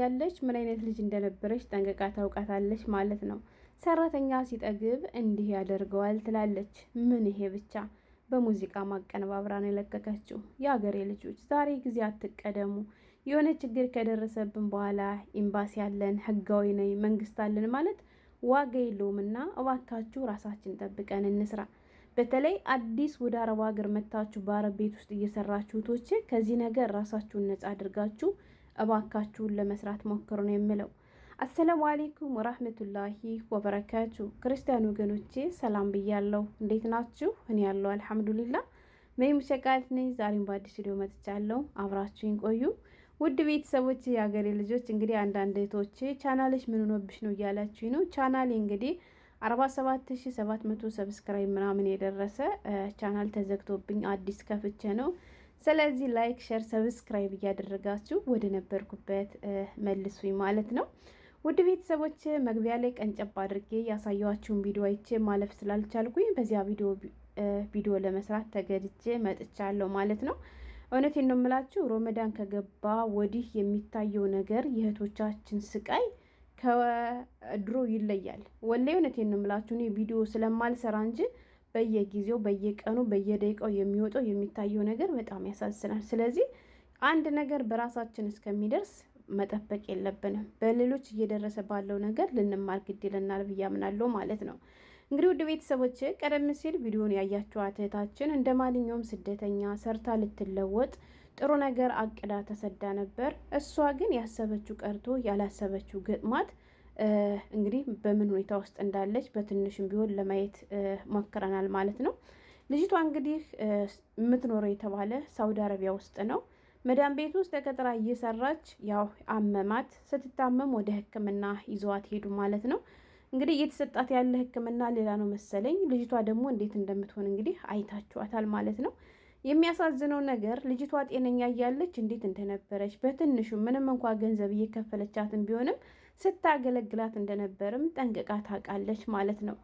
ያለች ምን አይነት ልጅ እንደነበረች ጠንቅቃ ታውቃታለች ማለት ነው። ሰራተኛ ሲጠግብ እንዲህ ያደርገዋል ትላለች። ምን ይሄ ብቻ በሙዚቃ ማቀነባብራን የለቀቀችው። የአገሬ ልጆች ዛሬ ጊዜ አትቀደሙ። የሆነ ችግር ከደረሰብን በኋላ ኤምባሲ ያለን ህጋዊ ነኝ መንግስት አለን ማለት ዋጋ የለውም እና እባካችሁ ራሳችን ጠብቀን እንስራ። በተለይ አዲስ ወደ አረብ ሀገር መታችሁ በአረብ ቤት ውስጥ እየሰራችሁ ቶቼ ከዚህ ነገር ራሳችሁን ነጻ አድርጋችሁ እባካችሁን ለመስራት ሞክሩ ነው የምለው። አሰላሙ አሌይኩም ወራህመቱላሂ ወበረካቱ። ክርስቲያን ወገኖቼ ሰላም ብያለሁ። እንዴት ናችሁ? እኔ ያለው አልሐምዱሊላ መይም ሸቃሊት ነኝ። ዛሬም በአዲስ ቪዲዮ መጥቻለሁ። አብራችሁኝ ቆዩ። ውድ ቤተሰቦች፣ የሀገሬ ልጆች እንግዲህ አንዳንድ እህቶቼ ቻናልሽ ምን ሆኖብሽ ነው እያላችሁኝ ነው። ቻናሌ እንግዲህ 47700 ሰብስክራይብ ምናምን የደረሰ ቻናል ተዘግቶብኝ አዲስ ከፍቼ ነው ስለዚህ ላይክ፣ ሸር፣ ሰብስክራይብ እያደረጋችሁ ወደ ነበርኩበት መልሱኝ ማለት ነው። ውድ ቤተሰቦች መግቢያ ላይ ቀንጨብ አድርጌ ያሳየኋችሁን ቪዲዮ አይቼ ማለፍ ስላልቻልኩኝ በዚያ ቪዲዮ ቪዲዮ ለመስራት ተገድጄ መጥቻለሁ ማለት ነው። እውነቴን ነው የምላችሁ ሮመዳን ከገባ ወዲህ የሚታየው ነገር የእህቶቻችን ስቃይ ከድሮ ይለያል። ወላሂ እውነቴን ነው የምላችሁ እኔ ቪዲዮ ስለማልሰራ እንጂ በየጊዜው በየቀኑ በየደቂቃው የሚወጣው የሚታየው ነገር በጣም ያሳዝናል። ስለዚህ አንድ ነገር በራሳችን እስከሚደርስ መጠበቅ የለብንም። በሌሎች እየደረሰ ባለው ነገር ልንማር ግድ ይለናል ብዬ አምናለሁ ማለት ነው። እንግዲህ ውድ ቤተሰቦች ቀደም ሲል ቪዲዮን ያያችኋት እህታችን እንደ ማንኛውም ስደተኛ ሰርታ ልትለወጥ ጥሩ ነገር አቅዳ ተሰዳ ነበር። እሷ ግን ያሰበችው ቀርቶ ያላሰበችው ገጥሟት እንግዲህ በምን ሁኔታ ውስጥ እንዳለች በትንሽም ቢሆን ለማየት ሞክረናል ማለት ነው። ልጅቷ እንግዲህ የምትኖረው የተባለ ሳውዲ አረቢያ ውስጥ ነው። መዳም ቤት ውስጥ ተቀጥራ እየሰራች ያው አመማት። ስትታመም ወደ ሕክምና ይዘዋት ሄዱ ማለት ነው። እንግዲህ እየተሰጣት ያለ ሕክምና ሌላ ነው መሰለኝ። ልጅቷ ደግሞ እንዴት እንደምትሆን እንግዲህ አይታችኋታል ማለት ነው። የሚያሳዝነው ነገር ልጅቷ ጤነኛ እያለች እንዴት እንደነበረች በትንሹ ምንም እንኳ ገንዘብ እየከፈለቻትን ቢሆንም ስታገለግላት እንደነበርም ጠንቅቃ ታውቃለች ማለት ነው።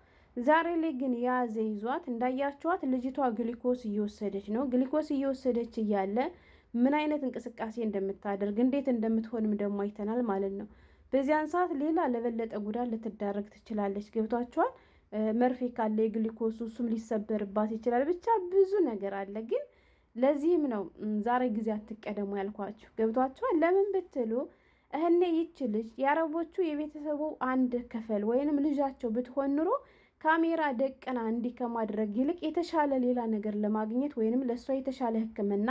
ዛሬ ላይ ግን ያዘ ይዟት እንዳያችኋት ልጅቷ ግሊኮስ እየወሰደች ነው። ግሊኮስ እየወሰደች እያለ ምን አይነት እንቅስቃሴ እንደምታደርግ እንዴት እንደምትሆንም ደግሞ አይተናል ማለት ነው። በዚያን ሰዓት ሌላ ለበለጠ ጉዳት ልትዳረግ ትችላለች። ገብቷችኋል? መርፌ ካለ የግሊኮሱ እሱም ሊሰበርባት ይችላል። ብቻ ብዙ ነገር አለ። ግን ለዚህም ነው ዛሬ ጊዜ አትቀደሙ ያልኳችሁ። ገብቷችኋል? ለምን ብትሉ እህኔ ይች ልጅ የአረቦቹ የቤተሰቡ አንድ ክፍል ወይንም ልጃቸው ብትሆን ኑሮ ካሜራ ደቅና እንዲህ ከማድረግ ይልቅ የተሻለ ሌላ ነገር ለማግኘት ወይንም ለእሷ የተሻለ ሕክምና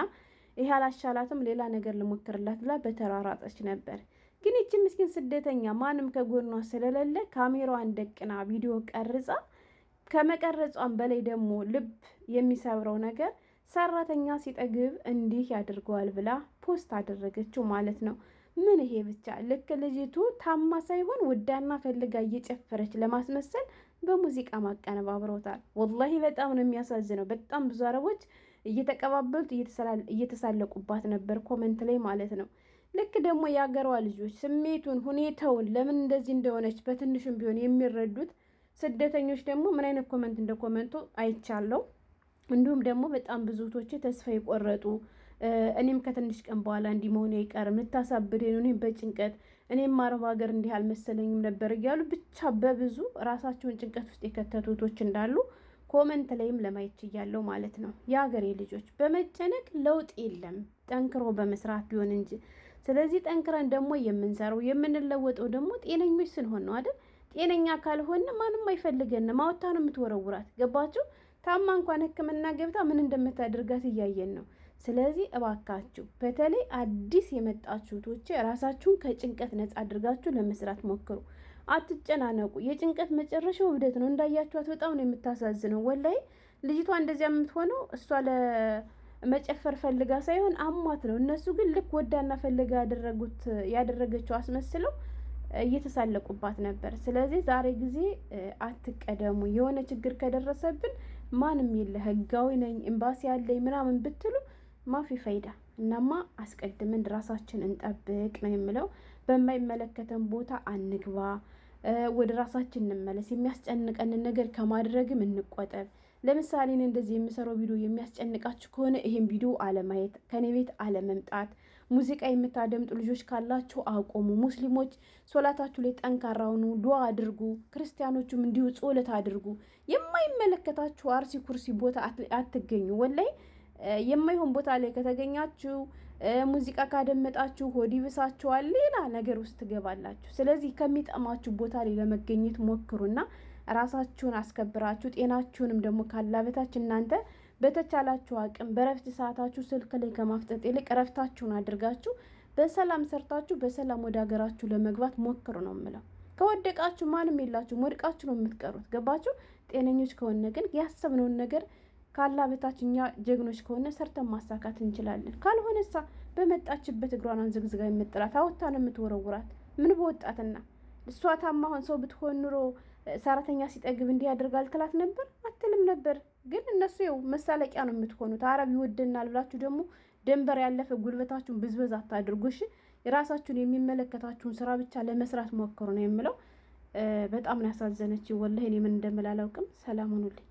ይህ አላሻላትም፣ ሌላ ነገር ልሞክርላት ብላ በተራራጠች ነበር። ግን ይቺ ምስኪን ስደተኛ ማንም ከጎኗ ስለሌለ ካሜራዋን ደቅና ቪዲዮ ቀርጻ፣ ከመቀረጿን በላይ ደግሞ ልብ የሚሰብረው ነገር ሰራተኛ ሲጠግብ እንዲህ ያድርገዋል ብላ ፖስት አደረገችው ማለት ነው። ምን ይሄ ብቻ ልክ ልጅቱ ታማ ሳይሆን ወዳና ፈልጋ እየጨፈረች ለማስመሰል በሙዚቃ ማቀነባብረውታል። ወላሂ በጣም ነው የሚያሳዝነው። በጣም ብዙ አረቦች እየተቀባበሉት እየተሳለቁባት ነበር፣ ኮመንት ላይ ማለት ነው። ልክ ደግሞ የአገሯ ልጆች ስሜቱን፣ ሁኔታውን ለምን እንደዚህ እንደሆነች በትንሹም ቢሆን የሚረዱት ስደተኞች ደግሞ ምን አይነት ኮመንት እንደ ኮመንቱ አይቻለው። እንዲሁም ደግሞ በጣም ብዙቶች ተስፋ የቆረጡ እኔም ከትንሽ ቀን በኋላ እንዲህ መሆኔ አይቀርም፣ ልታሳብድ ነው፣ እኔም በጭንቀት እኔም አረብ ሀገር እንዲህ አልመሰለኝም ነበር እያሉ ብቻ በብዙ ራሳቸውን ጭንቀት ውስጥ የከተቱቶች እንዳሉ ኮመንት ላይም ለማየት ችያለሁ ማለት ነው። የሀገሬ ልጆች በመጨነቅ ለውጥ የለም፣ ጠንክሮ በመስራት ቢሆን እንጂ። ስለዚህ ጠንክረን ደግሞ የምንሰራው የምንለወጠው ደግሞ ጤነኞች ስንሆን ነው አይደል? ጤነኛ ካልሆን ማንም አይፈልገንም። አውጥታ ነው የምትወረውራት። ገባችሁ? ታማ እንኳን ሕክምና ገብታ ምን እንደምታደርጋት እያየን ነው። ስለዚህ እባካችሁ በተለይ አዲስ የመጣችሁ ቶቼ ራሳችሁን ከጭንቀት ነጻ አድርጋችሁ ለመስራት ሞክሩ። አትጨናነቁ። የጭንቀት መጨረሻው እብደት ነው። እንዳያችኋት በጣም ነው የምታሳዝነው። ወላይ ልጅቷ እንደዚያ የምትሆነው እሷ ለመጨፈር ፈልጋ ሳይሆን አሟት ነው። እነሱ ግን ልክ ወዳና ፈልጋ ያደረጉት ያደረገችው አስመስለው እየተሳለቁባት ነበር። ስለዚህ ዛሬ ጊዜ አትቀደሙ። የሆነ ችግር ከደረሰብን ማንም የለ ህጋዊ ነኝ ኤምባሲ ያለኝ ምናምን ብትሉ ማፊ ፈይዳ። እናማ አስቀድምን ራሳችን እንጠብቅ ነው የምለው። በማይመለከተን ቦታ አንግባ፣ ወደ ራሳችን እንመለስ። የሚያስጨንቀንን ነገር ከማድረግም እንቆጠብ። ለምሳሌ እንደዚህ የምሰራው ቪዲዮ የሚያስጨንቃችሁ ከሆነ ይሄን ቪዲዮ አለማየት፣ ከኔ ቤት አለመምጣት። ሙዚቃ የምታደምጡ ልጆች ካላችሁ አቆሙ። ሙስሊሞች ሶላታችሁ ላይ ጠንካራ ሁኑ፣ ዱዓ አድርጉ። ክርስቲያኖቹም እንዲሁ ጾለት አድርጉ። የማይመለከታችሁ አርሲ ኩርሲ ቦታ አትገኙ ወላይ የማይሆን ቦታ ላይ ከተገኛችሁ፣ ሙዚቃ ካደመጣችሁ ሆድ ይብሳችኋል፣ ሌላ ነገር ውስጥ ትገባላችሁ። ስለዚህ ከሚጠማችሁ ቦታ ላይ ለመገኘት ሞክሩና ራሳችሁን አስከብራችሁ ጤናችሁንም ደግሞ ካላበታች እናንተ በተቻላችሁ አቅም በረፍት ሰዓታችሁ ስልክ ላይ ከማፍጠጥ ይልቅ ረፍታችሁን አድርጋችሁ በሰላም ሰርታችሁ በሰላም ወደ ሀገራችሁ ለመግባት ሞክሩ ነው የምለው። ከወደቃችሁ ማንም የላችሁም፣ ወድቃችሁ ነው የምትቀሩት። ገባችሁ? ጤነኞች ከሆነ ግን ያሰብነውን ነገር ካላ በታች እኛ ጀግኖች ከሆነ ሰርተን ማሳካት እንችላለን። ካልሆነሳ በመጣችበት እግሯን አንዝግዝጋ የምጥላት አወታ ነው የምትወረውራት። ምን በወጣትና እሷ ታማ አሁን ሰው ብትሆን ኑሮ ሰራተኛ ሲጠግብ እንዲህ ያደርጋል ትላት ነበር አትልም ነበር። ግን እነሱ ው መሳለቂያ ነው የምትሆኑት። አረብ ይወደናል ብላችሁ ደግሞ ደንበር ያለፈ ጉልበታችሁን ብዝበዛ አታድርጉ። እሺ፣ የራሳችሁን የሚመለከታችሁን ስራ ብቻ ለመስራት ሞክሩ ነው የምለው። በጣም ነው ያሳዘነች። ወላሂ እኔ ምን እንደምል አላውቅም። ሰላም ሁኑልኝ።